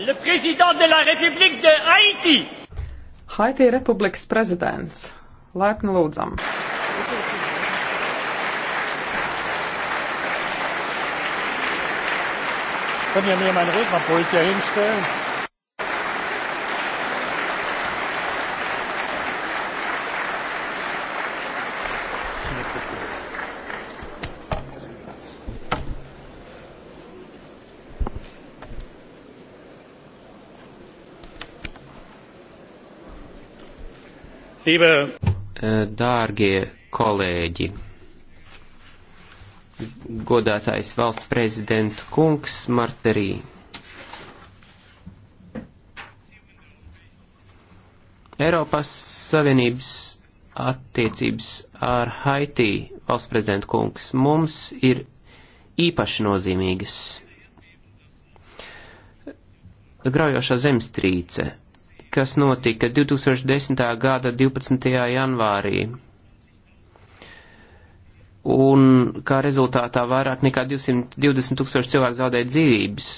Le président de la République de Haiti. Haiti Republikas prezidents. Laipni lūdzam. Können wir mir meinen Rednerpult hier hinstellen? Dārgie kolēģi, godātais valsts prezidenta kungs Marterī. Eiropas Savienības attiecības ar Haiti valsts prezidenta kungs mums ir īpaši nozīmīgas. Graujošā zemstrīce kas notika 2010. gada 12. janvārī. Un kā rezultātā vairāk nekā 220 tūkstoši cilvēku zaudēja dzīvības,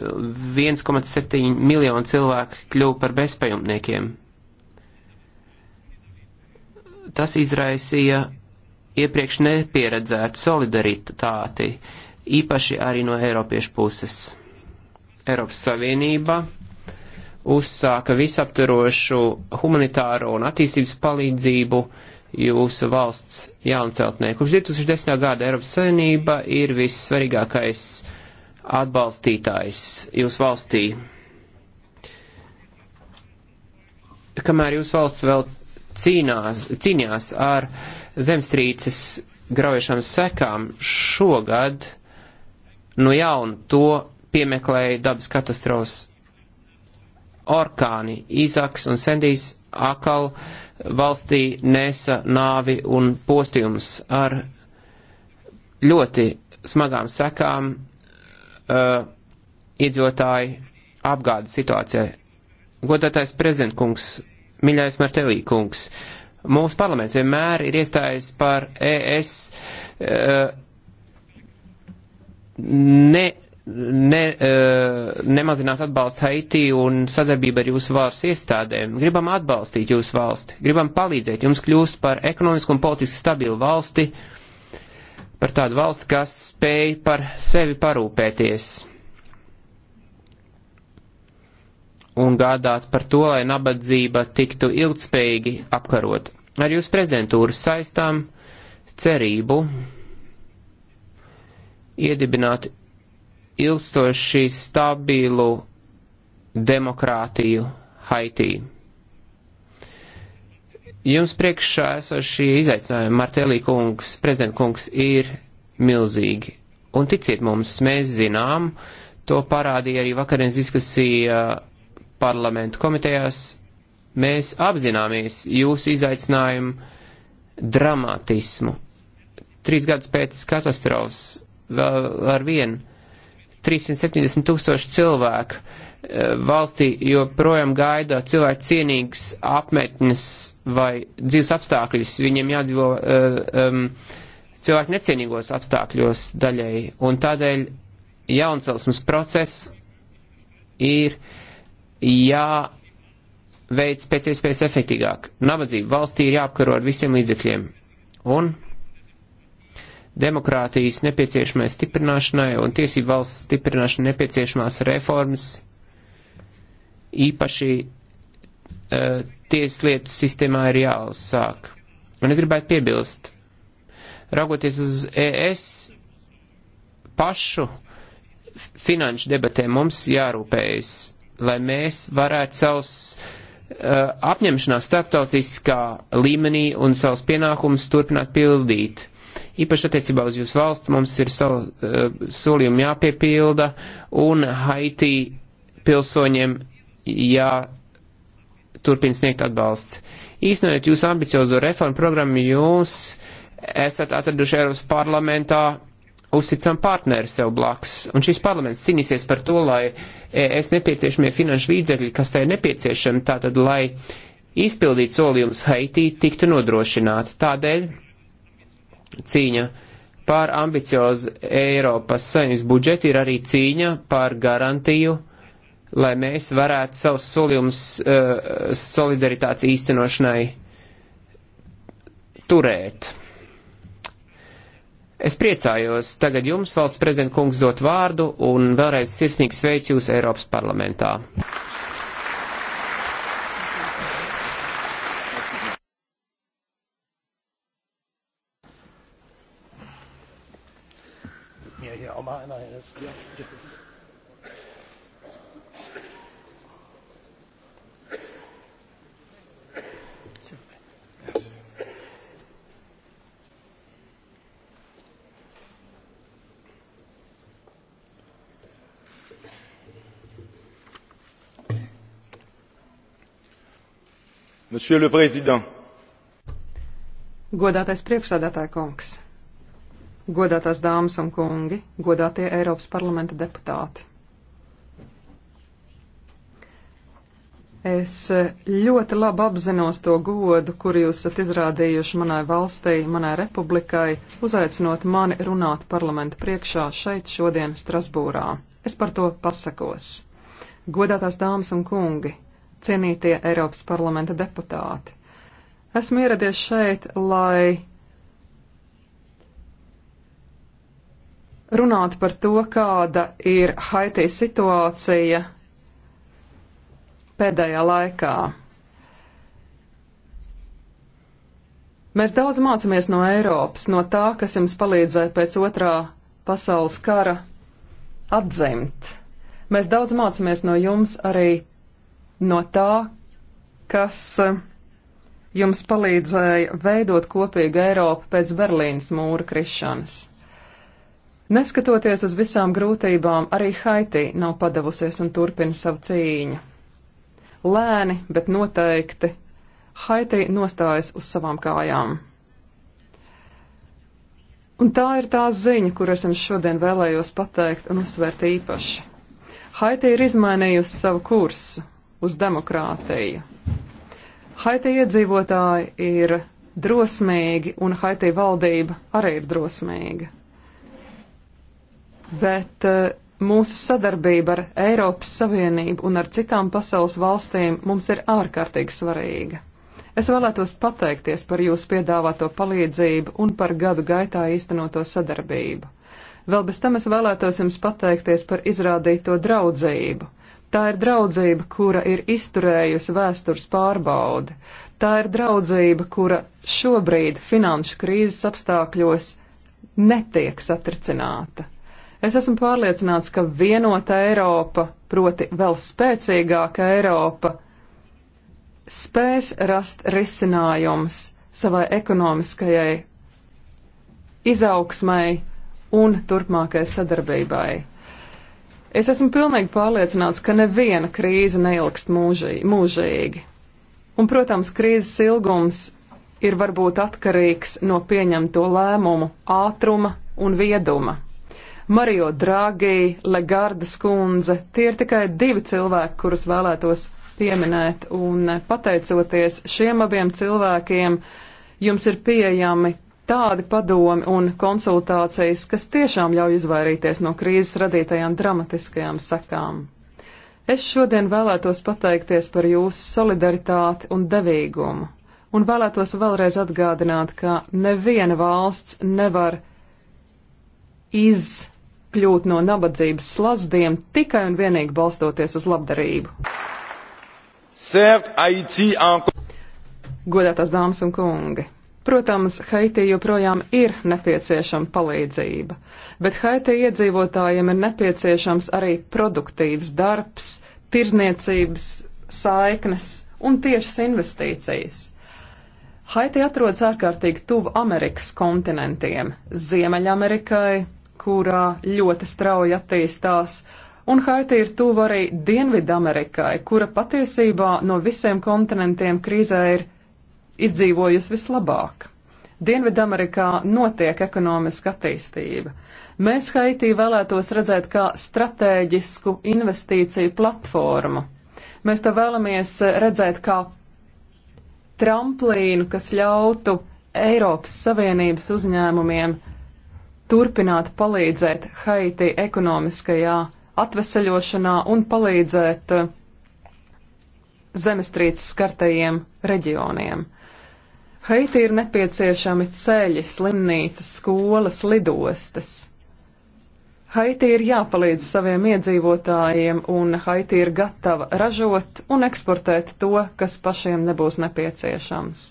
1,7 miljonu cilvēku kļuva par bezpajumtniekiem. Tas izraisīja iepriekš nepieredzētu solidaritāti, īpaši arī no Eiropiešu puses. Eiropas Savienība uzsāka visaptverošu humanitāro un attīstības palīdzību jūsu valsts jaunceltnē. Kopš 2010. gada Eiropas Savienība ir vissvarīgākais atbalstītājs jūsu valstī. Kamēr jūsu valsts vēl cīnās, cīnījās ar zemstrīces graujušām sekām, šogad no jauna to piemeklēja dabas katastrofas orkāni Izaks un Sendijs akal valstī nesa nāvi un postījums ar ļoti smagām sekām uh, iedzīvotāju apgādes situācijai. Godātais prezidentkungs, mīļais Martelī kungs, mūsu parlaments vienmēr ir iestājies par ES uh, ne ne, eh, nemazināt atbalstu Haiti un sadarbību ar jūsu valsts iestādēm. Gribam atbalstīt jūsu valsti, gribam palīdzēt jums kļūst par ekonomisku un politiski stabilu valsti, par tādu valsti, kas spēj par sevi parūpēties un gādāt par to, lai nabadzība tiktu ilgtspējīgi apkarot. Ar jūsu prezidentūras saistām cerību iedibināt ilgstoši stabilu demokrātiju Haitī. Jums priekšā esošie izaicinājumi, Martelī kungs, prezident kungs, ir milzīgi. Un ticiet mums, mēs zinām, to parādīja arī vakarienes diskusija parlamentu komitejās. Mēs apzināmies jūsu izaicinājumu dramatismu. Trīs gadus pēc katastrofas vēl ar vienu 370 tūkstoši cilvēku e, valstī joprojām gaida cilvēku cienīgas apmetnes vai dzīves apstākļus. Viņiem jādzīvo uh, um, cilvēku necienīgos apstākļos daļēji, un tādēļ jauncelsmas process ir jāveic pēc iespējas efektīgāk. Nabadzība valstī ir jāapkaro ar visiem līdzekļiem. Un demokrātijas nepieciešamai stiprināšanai un tiesību valsts stiprināšanai nepieciešamās reformas, īpaši uh, tieslietu sistēmā ir jāuzsāk. Un es gribētu piebilst, raugoties uz ES pašu finanšu debatēm, mums jārūpējas, lai mēs varētu savus uh, apņemšanās starptautiskā līmenī un savus pienākumus turpināt pildīt. Uh, īpaši attiecībā uz jūsu valstu mums ir savu uh, eh, solījumu jāpiepilda un Haiti pilsoņiem jāturpina sniegt atbalsts. Īstenojot jūsu ambiciozo reformu programmu, jūs esat atraduši Eiropas parlamentā uzticam partneri sev blakus, un šis parlaments cīnīsies par to, lai es nepieciešamie finanšu līdzekļi, kas tai ir nepieciešami, tātad, lai izpildītu solījumus Haitī, tiktu nodrošināti. Tādēļ Cīņa pār ambiciozu Eiropas saimnes budžetu ir arī cīņa pār garantiju, lai mēs varētu savus solījumus uh, solidaritātes īstenošanai turēt. Es priecājos tagad jums, valsts prezidenta kungs, dot vārdu un vēlreiz sirsnīgi sveicu jūs Eiropas parlamentā. mal einer hilft. Ja. Monsieur le Président. Godātais priekšsādātāja kungs godātās dāmas un kungi, godātie Eiropas parlamenta deputāti. Es eh, ļoti labi apzinos to godu, kuru jūs esat izrādījuši manai valstī, manai republikai, uzaicinot mani runāt parlamenta priekšā šeit šodien Strasbūrā. Es par to pasakos. Godātās dāmas un kungi, cienītie Eiropas parlamenta deputāti, esmu ieradies šeit, lai runāt par to, kāda ir Haitī situācija pēdējā laikā. Mēs daudz mācāmies no Eiropas, no tā, kas jums palīdzēja pēc otrā pasaules kara atzimt. Mēs daudz mācāmies no jums arī no tā, kas eh, jums palīdzēja veidot kopīgu Eiropu pēc Berlīnas mūra krišanas. Neskatoties uz visām grūtībām, arī Haiti nav padavusies un turpina savu cīņu. Lēni, bet noteikti Haiti nostājas uz savām kājām. Un tā ir tā ziņa, kur es jums šodien vēlējos pateikt un uzsvērt īpaši. Haiti ir izmainījusi savu kursu uz demokrātiju. Haiti iedzīvotāji ir drosmīgi, un Haiti valdība arī ir drosmīga bet eh, mūsu sadarbība ar Eiropas Savienību un ar citām pasaules valstīm mums ir ārkārtīgi svarīga. Es vēlētos pateikties par jūsu piedāvāto palīdzību un par gadu gaitā īstenoto sadarbību. Vēl bez tam es vēlētos jums pateikties par izrādīto draudzību. Tā ir draudzība, kura ir izturējusi vēstures pārbaudi. Tā ir draudzība, kura šobrīd finanšu krīzes apstākļos netiek satricināta. Es esmu pārliecināts, ka vienota Eiropa, proti vēl spēcīgāka Eiropa, spēs rast risinājums savai ekonomiskajai izaugsmai un turpmākai sadarbībai. Es esmu pilnīgi pārliecināts, ka neviena krīze neilgst mūžīgi. Un, protams, krīzes ilgums ir varbūt atkarīgs no pieņemto lēmumu ātruma un vieduma. Mario Draghi, Legardas kundze. Tie ir tikai divi cilvēki, kurus vēlētos pieminēt, un pateicoties šiem abiem cilvēkiem, jums ir pieejami tādi padomi un konsultācijas, kas tiešām ļauj izvairīties no krīzes radītajām dramatiskajām sekām. Es šodien vēlētos pateikties par jūsu solidaritāti un devīgumu, un vēlētos vēlreiz atgādināt, ka neviena valsts nevar iz kļūt no nabadzības slazdiem tikai un vienīgi balstoties uz labdarību. Godātās dāmas un kungi! Protams, Haitī joprojām ir nepieciešama palīdzība, bet Haitī iedzīvotājiem ir nepieciešams arī produktīvs darbs, tirzniecības saiknes un tiešas investīcijas. Haiti atrodas ārkārtīgi tuvu Amerikas kontinentiem - Ziemeļamerikai, kurā ļoti strauji attīstās, un Haiti ir tuvu arī Dienvidamerikai, kura patiesībā no visiem kontinentiem krīzē ir izdzīvojusi vislabāk. Dienvidamerikā notiek ekonomiska attīstība. Mēs Haitī vēlētos redzēt kā stratēģisku investīciju platformu. Mēs to vēlamies redzēt kā tramplīnu, kas ļautu Eiropas Savienības uzņēmumiem uh, turpināt palīdzēt Haiti ekonomiskajā atveseļošanā un palīdzēt eh, zemestrīces skartajiem reģioniem. Haiti ir nepieciešami ceļi, slimnīcas, skolas, lidostas. Haiti ir jāpalīdz saviem iedzīvotājiem, un Haiti ir gatava ražot un eksportēt to, kas pašiem nebūs nepieciešams.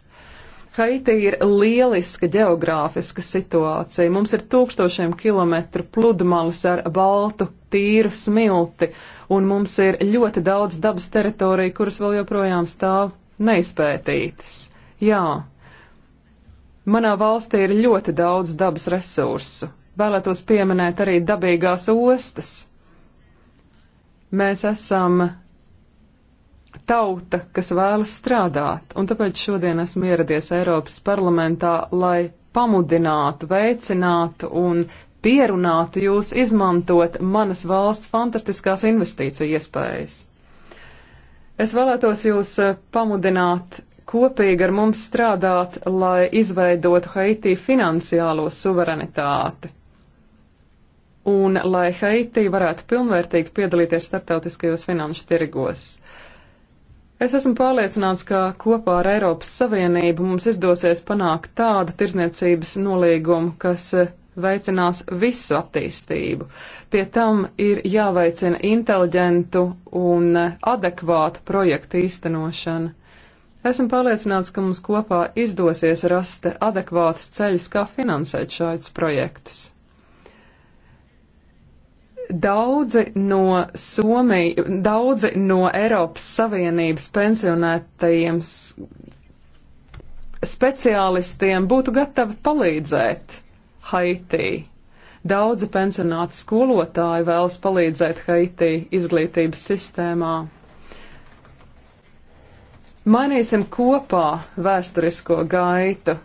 Haiti ir lieliska geogrāfiska situācija. Mums ir tūkstošiem kilometru pludmales ar baltu, tīru smilti, un mums ir ļoti daudz dabas teritoriju, kuras vēl joprojām stāv neizpētītas. Jā, manā valstī ir ļoti daudz dabas resursu. Vēlētos pieminēt arī dabīgās ostas. Mēs esam tauta, kas vēlas strādāt, un tāpēc šodien esmu ieradies Eiropas parlamentā, lai pamudinātu, veicinātu un pierunātu jūs izmantot manas valsts fantastiskās investīciju iespējas. Es vēlētos jūs eh, pamudināt kopīgi ar mums strādāt, lai izveidotu Haitī finansiālo suverenitāti un lai Haitī varētu pilnvērtīgi piedalīties starptautiskajos finanšu tirgos. Uh, Es esmu pārliecināts, ka kopā ar Eiropas Savienību mums izdosies panākt tādu tirzniecības nolīgumu, kas eh, veicinās visu attīstību. Pie tam ir jāveicina inteliģentu un eh, adekvātu projektu īstenošana. Esmu pārliecināts, ka mums kopā izdosies rast adekvātus ceļus, kā finansēt šādus projektus. Daudzi no Somija, daudzi no Eiropas Savienības pensionētajiem speciālistiem būtu gatavi palīdzēt Haitī. Daudzi pensionāti skolotāji vēlas palīdzēt Haitī izglītības sistēmā. Mainīsim kopā vēsturisko gaitu.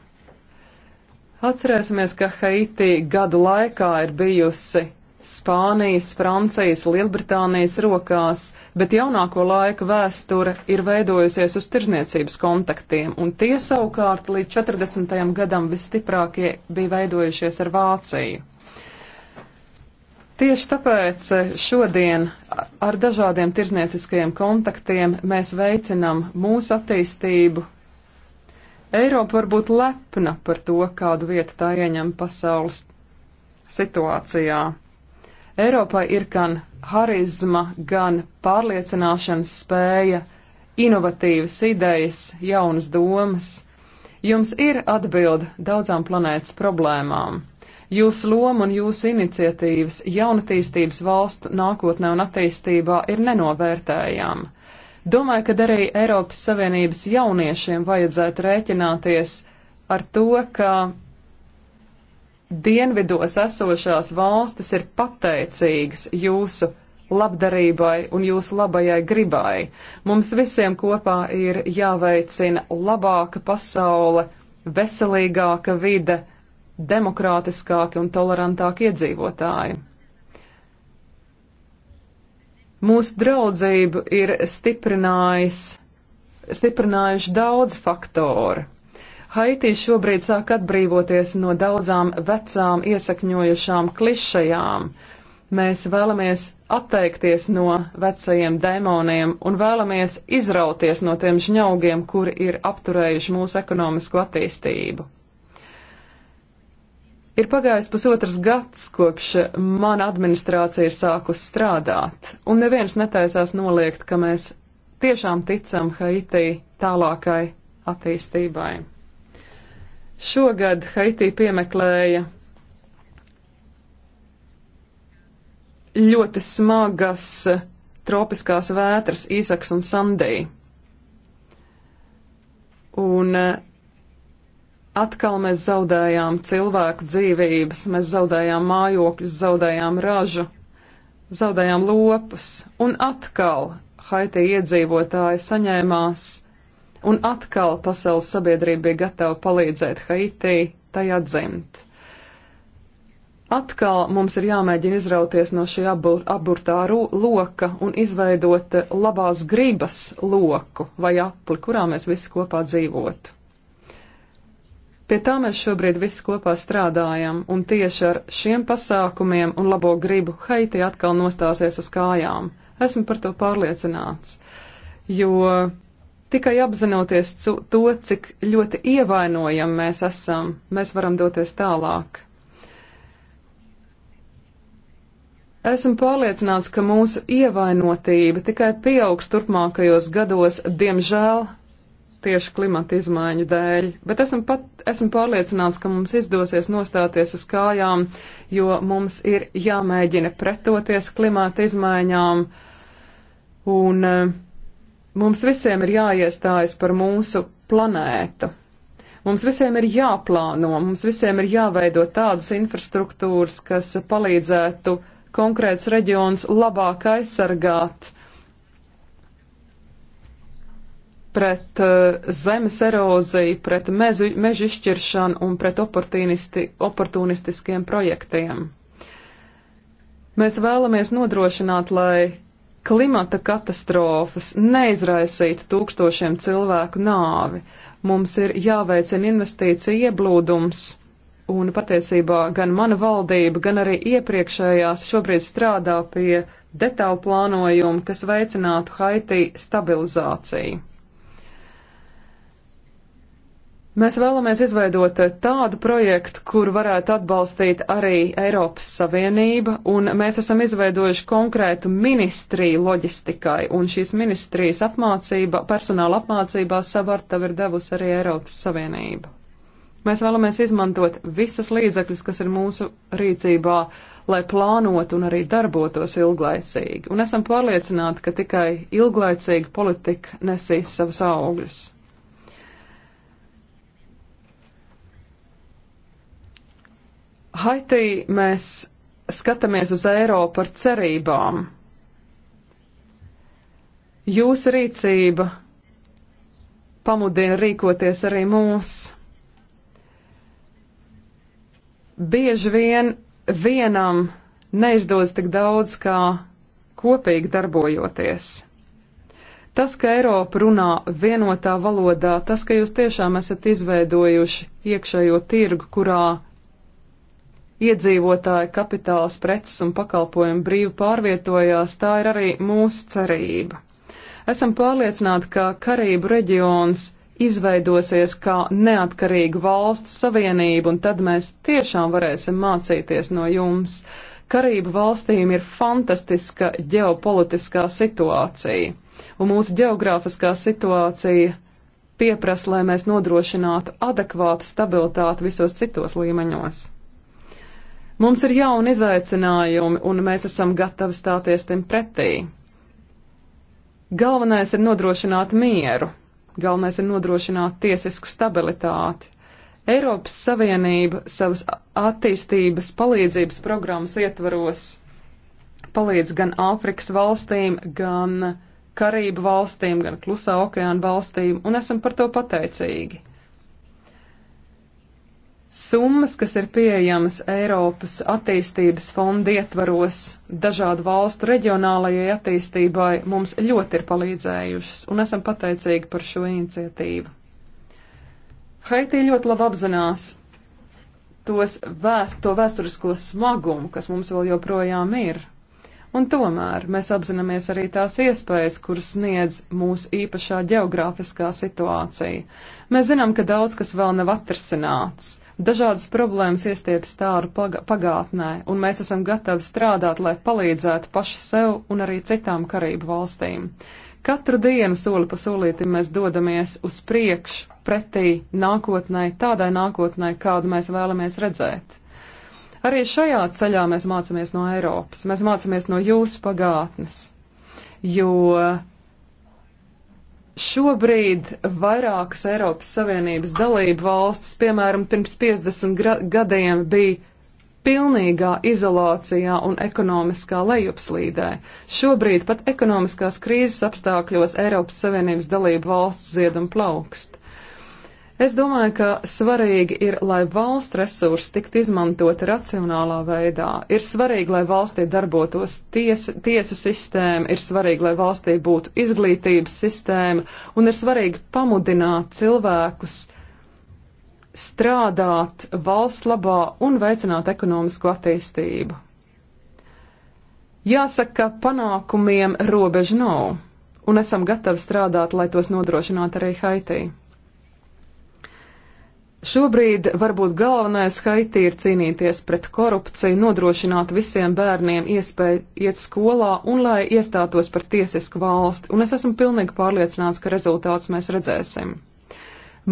Atcerēsimies, ka Haitī gadu laikā ir bijusi Spānijas, Francijas, Lielbritānijas rokās, bet jaunāko laiku vēsture ir veidojusies uz tirzniecības kontaktiem, un tie savukārt līdz 40. gadam visstiprākie bija veidojušies ar Vāciju. Tieši tāpēc eh, šodien ar dažādiem tirzniecīskajiem kontaktiem mēs veicinam mūsu attīstību. Eiropa var būt lepna par to, kādu vietu tā ieņem pasaules situācijā. Eiropai ir gan harizma, gan pārliecināšanas spēja, inovatīvas idejas, jaunas domas. Jums ir atbilde daudzām planētas problēmām. Jūsu loma un jūsu iniciatīvas jaunatīstības valstu nākotnē un attīstībā ir nenovērtējama. Domāju, ka arī Eiropas Savienības jauniešiem vajadzētu rēķināties ar to, ka dienvidos esošās valstis ir pateicīgas jūsu labdarībai un jūsu labajai gribai. Mums visiem kopā ir jāveicina labāka pasaule, veselīgāka vide, demokrātiskāki un tolerantāki iedzīvotāji. Mūsu draudzību ir stiprinājis, stiprinājuši daudz faktoru. Haitī šobrīd sāk atbrīvoties no daudzām vecām iesakņojušām klišajām. Mēs vēlamies atteikties no vecajiem demoniem un vēlamies izrauties no tiem žņaugiem, kuri ir apturējuši mūsu ekonomisko attīstību. Ir pagājis pusotrs gads, kopš mana administrācija ir sākus strādāt, un neviens netaisās noliegt, ka mēs tiešām ticam Haitī tālākai attīstībai. Šogad Haitī piemeklēja ļoti smagas tropiskās vētras Īsaks un Sandī. Un eh, atkal mēs zaudējām cilvēku dzīvības, mēs zaudējām mājokļus, zaudējām ražu, zaudējām lopus, un atkal Haiti iedzīvotāji saņēmās un atkal pasaules sabiedrība bija gatava palīdzēt Haitī tajā dzimt. Atkal mums ir jāmēģina izrauties no šī abur, aburtā loka un izveidot labās gribas loku vai apli, kurā mēs visi kopā dzīvotu. Pie tā mēs šobrīd visi kopā strādājam, un tieši ar šiem pasākumiem un labo gribu Haiti atkal nostāsies uz kājām. Esmu par to pārliecināts, jo Tikai apzinoties to, cik ļoti ievainojami mēs esam, mēs varam doties tālāk. Esmu pārliecināts, ka mūsu ievainotība tikai pieaugs turpmākajos gados, diemžēl, tieši klimata izmaiņu dēļ, bet esmu, pat, esmu pārliecināts, ka mums izdosies nostāties uz kājām, jo mums ir jāmēģina pretoties klimata izmaiņām. Un, uh, Mums visiem ir jāiestājas par mūsu planētu. Mums visiem ir jāplāno, mums visiem ir jāveido tādas infrastruktūras, kas palīdzētu konkrēts reģions labāk aizsargāt pret uh, zemes eroziju, pret mezu, mežu izšķiršanu un pret oportunisti, oportunistiskiem projektiem. Mēs vēlamies nodrošināt, lai klimata katastrofas neizraisītu tūkstošiem cilvēku nāvi. Mums ir jāveicina investīcija ieblūdums. Un patiesībā gan mana valdība, gan arī iepriekšējās šobrīd strādā pie detālu plānojumu, kas veicinātu Haiti stabilizāciju. Mēs vēlamies izveidot eh, tādu projektu, kur varētu atbalstīt arī Eiropas Savienība, un mēs esam izveidojuši konkrētu ministriju loģistikai, un šīs ministrijas apmācība, personāla apmācībā savartav ir devusi arī Eiropas Savienība. Mēs vēlamies izmantot visas līdzekļus, kas ir mūsu rīcībā, lai plānotu un arī darbotos ilglaicīgi, un esam pārliecināti, ka tikai ilglaicīga politika nesīs savus augļus. Haitī mēs skatāmies uz Eiropu ar cerībām. Jūsu rīcība pamudina rīkoties arī mūs. Bieži vien vienam neizdodas tik daudz kā kopīgi darbojoties. Tas, ka Eiropa runā vienotā valodā, tas, ka jūs tiešām esat izveidojuši iekšējo tirgu, kurā iedzīvotāju kapitāls, preces un pakalpojumi brīvi pārvietojās, tā ir arī mūsu cerība. Esam pārliecināti, ka Karību reģions izveidosies kā neatkarīga valstu savienība, un tad mēs tiešām varēsim mācīties no jums. Karību valstīm ir fantastiska ģeopolitiskā situācija, un mūsu geogrāfiskā situācija pieprasa, lai mēs nodrošinātu adekvātu stabilitāti visos citos līmeņos. Mums ir jauni izaicinājumi, un mēs esam gatavi stāties tiem pretī. Galvenais ir nodrošināt mieru, galvenais ir nodrošināt tiesisku stabilitāti. Eiropas Savienība savas attīstības palīdzības programmas ietvaros palīdz gan Āfrikas valstīm, gan Karību valstīm, gan Klusā okeāna valstīm, un esam par to pateicīgi. Summas, kas ir pieejamas Eiropas attīstības fonda ietvaros dažādu valstu reģionālajai attīstībai, mums ļoti ir palīdzējušas, un esam pateicīgi par šo iniciatīvu. Haitī ļoti labi apzinās tos vēst, to vēsturisko smagumu, kas mums vēl joprojām ir. Un tomēr mēs apzināmies arī tās iespējas, kuras sniedz mūsu īpašā geogrāfiskā situācija. Mēs zinām, ka daudz kas vēl nav atrasināts Dažādas problēmas iestiepjas tāru pagātnē, un mēs esam gatavi strādāt, lai palīdzētu paši sev un arī citām karību valstīm. Katru dienu soli pa solītim mēs dodamies uz priekšu, pretī nākotnē, tādai nākotnē, kādu mēs vēlamies redzēt. Arī šajā ceļā mēs mācāmies no Eiropas, mēs mācāmies no jūsu pagātnes, jo Šobrīd vairākas Eiropas Savienības dalību valstis, piemēram, pirms 50 gadiem bija pilnīgā izolācijā un ekonomiskā lejupslīdē. Šobrīd pat ekonomiskās krīzes apstākļos Eiropas Savienības dalību valsts zied un plaukst. Es domāju, ka svarīgi ir, lai valsts resursi tiktu izmantoti racionālā veidā. Ir svarīgi, lai valstī darbotos ties, tiesu sistēma, ir svarīgi, lai valstī būtu izglītības sistēma, un ir svarīgi pamudināt cilvēkus strādāt valsts labā un veicināt ekonomisko attīstību. Jāsaka, ka panākumiem robežu nav, un esam gatavi strādāt, lai tos nodrošinātu arī Haitī. Šobrīd varbūt galvenais Haiti ir cīnīties pret korupciju, nodrošināt visiem bērniem iespēju iet skolā un lai iestātos par tiesisku valsti, un es esmu pilnīgi pārliecināts, ka rezultāts mēs redzēsim.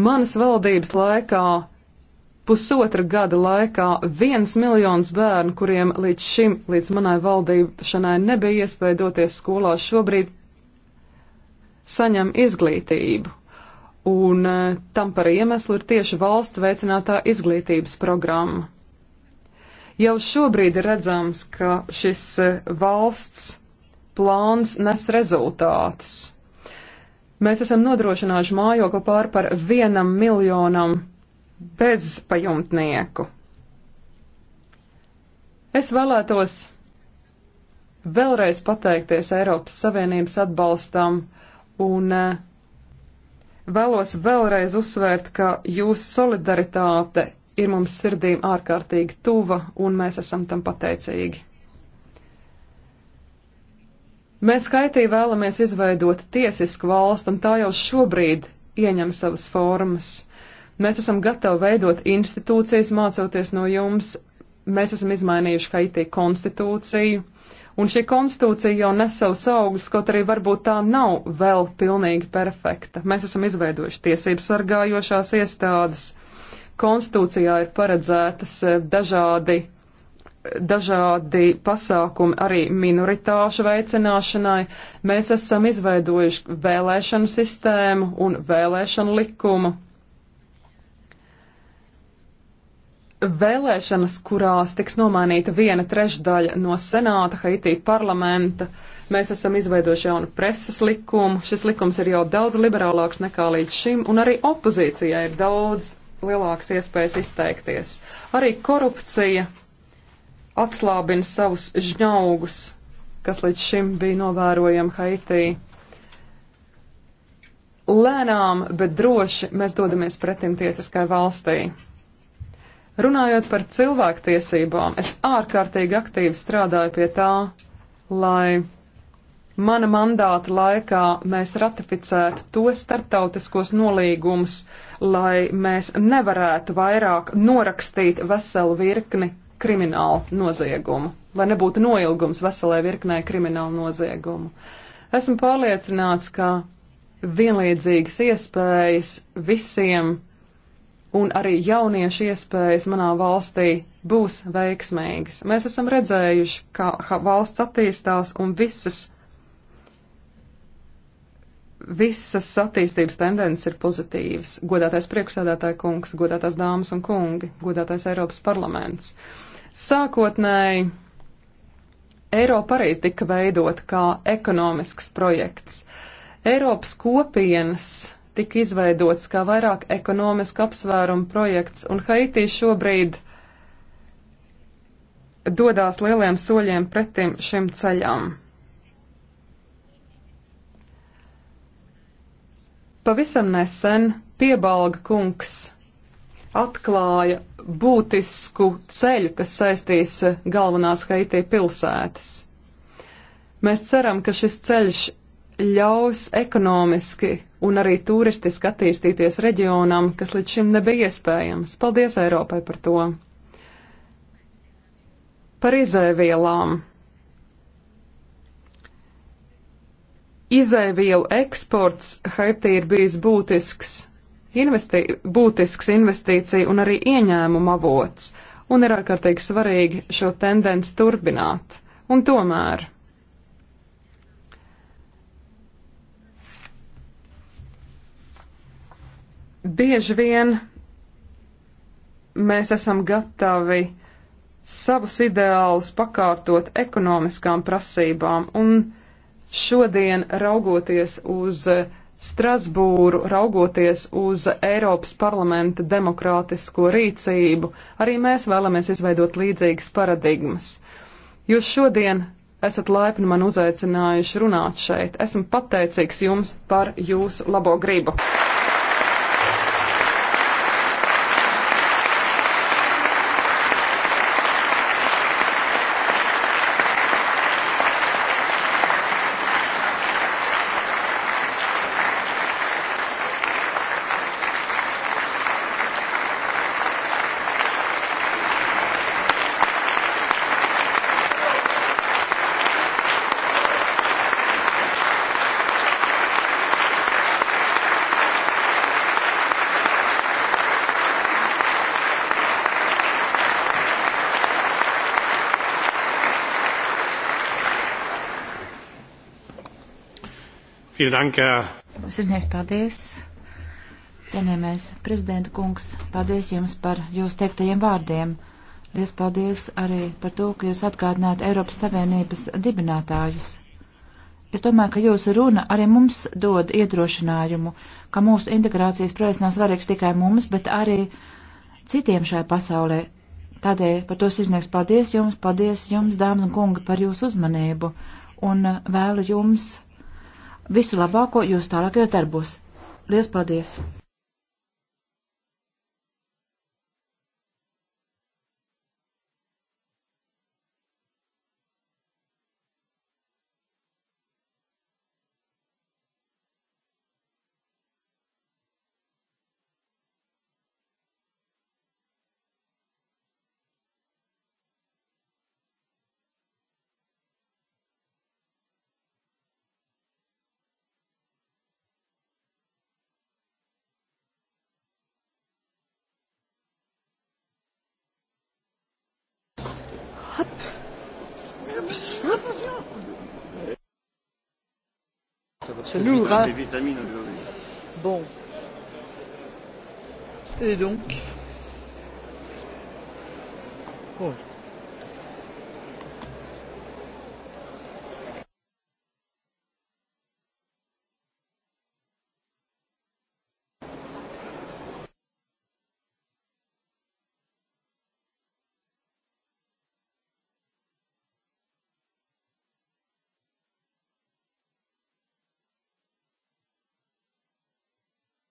Manas valdības laikā, pusotra gada laikā, viens miljons bērnu, kuriem līdz šim, līdz manai valdīšanai nebija iespēja doties skolā, šobrīd saņem izglītību un eh, tam par iemeslu ir tieši valsts veicinātā izglītības programma. Jau šobrīd ir redzams, ka šis eh, valsts plāns nes rezultātus. Mēs esam nodrošinājuši mājokli pār par vienam miljonam bezpajumtnieku. Es vēlētos vēlreiz pateikties Eiropas Savienības atbalstam un uh, Vēlos vēlreiz uzsvērt, ka jūsu solidaritāte ir mums sirdīm ārkārtīgi tuva, un mēs esam tam pateicīgi. Mēs kaitī vēlamies izveidot tiesisku valstu, un tā jau šobrīd ieņem savas formas. Mēs esam gatavi veidot institūcijas, mācoties no jums. Mēs esam izmainījuši Haitī konstitūciju, Un šī konstitūcija jau nes savus augļus, kaut arī varbūt tā nav vēl pilnīgi perfekta. Mēs esam izveidojuši tiesību sargājošās iestādes. Konstitūcijā ir paredzētas eh, dažādi, dažādi pasākumi arī minoritāšu veicināšanai. Mēs esam izveidojuši vēlēšanu sistēmu un vēlēšanu likumu vēlēšanas, kurās tiks nomainīta viena trešdaļa no senāta Haitī parlamenta. Mēs esam izveidojuši jaunu preses likumu. Šis likums ir jau daudz liberālāks nekā līdz šim, un arī opozīcijai ir daudz lielākas iespējas izteikties. Arī korupcija atslābina savus žņaugus, kas līdz šim bija novērojami Haitī. Lēnām, bet droši mēs dodamies pretim tiesiskai valstī. Runājot par cilvēktiesībām, es ārkārtīgi aktīvi strādāju pie tā, lai mana mandāta laikā mēs ratificētu tos starptautiskos nolīgumus, lai mēs nevarētu vairāk norakstīt veselu virkni kriminālu noziegumu, lai nebūtu noilgums veselai virknē kriminālu noziegumu. Esmu pārliecināts, ka vienlīdzīgas iespējas visiem un arī jauniešu iespējas manā valstī būs veiksmīgas. Mēs esam redzējuši, kā valsts attīstās un visas, visas attīstības tendences ir pozitīvas. Godātais priekšsēdētāja kungs, godātās dāmas un kungi, godātais Eiropas parlaments. Sākotnēji Eiropa arī tika veidot kā ekonomisks projekts. Eiropas kopienas tika izveidots kā vairāk ekonomisku apsvērumu projekts, un Haitī šobrīd dodās lieliem soļiem pretim šim ceļam. Pavisam nesen piebalga kungs atklāja būtisku ceļu, kas saistīs galvenās Haitī pilsētas. Mēs ceram, ka šis ceļš ļaus ekonomiski un arī turistiski attīstīties reģionam, kas līdz šim nebija iespējams. Paldies Eiropai par to! Par izēvielām. Izēvielu eksports Haitī ir bijis būtisks, investī, būtisks investīcija un arī ieņēmuma avots, un ir ārkārtīgi svarīgi šo tendenci turpināt. Un tomēr Bieži vien mēs esam gatavi savus ideālus pakārtot ekonomiskām prasībām, un šodien raugoties uz Strasbūru, raugoties uz Eiropas parlamenta demokrātisko rīcību, arī mēs vēlamies izveidot līdzīgas paradigmas. Jūs šodien esat laipni man uzaicinājuši runāt šeit. Esmu pateicīgs jums par jūsu labo gribu. Sirdnieks, paldies! Cienījamais prezidenta kungs, paldies jums par jūsu teiktajiem vārdiem. Lies paldies arī par to, ka jūs atgādināt Eiropas Savienības dibinātājus. Es domāju, ka jūsu runa arī mums dod iedrošinājumu, ka mūsu integrācijas projekts nav svarīgs tikai mums, bet arī citiem šajā pasaulē. Tādēļ par to izniegs paldies jums, paldies jums, dāmas un kungi, par jūsu uzmanību un uh, vēlu jums Visu labāko jūs tālākajos darbos. Lielas paldies! C'est lourd, hein Des vitamines Bon. Et donc Bon. Oh,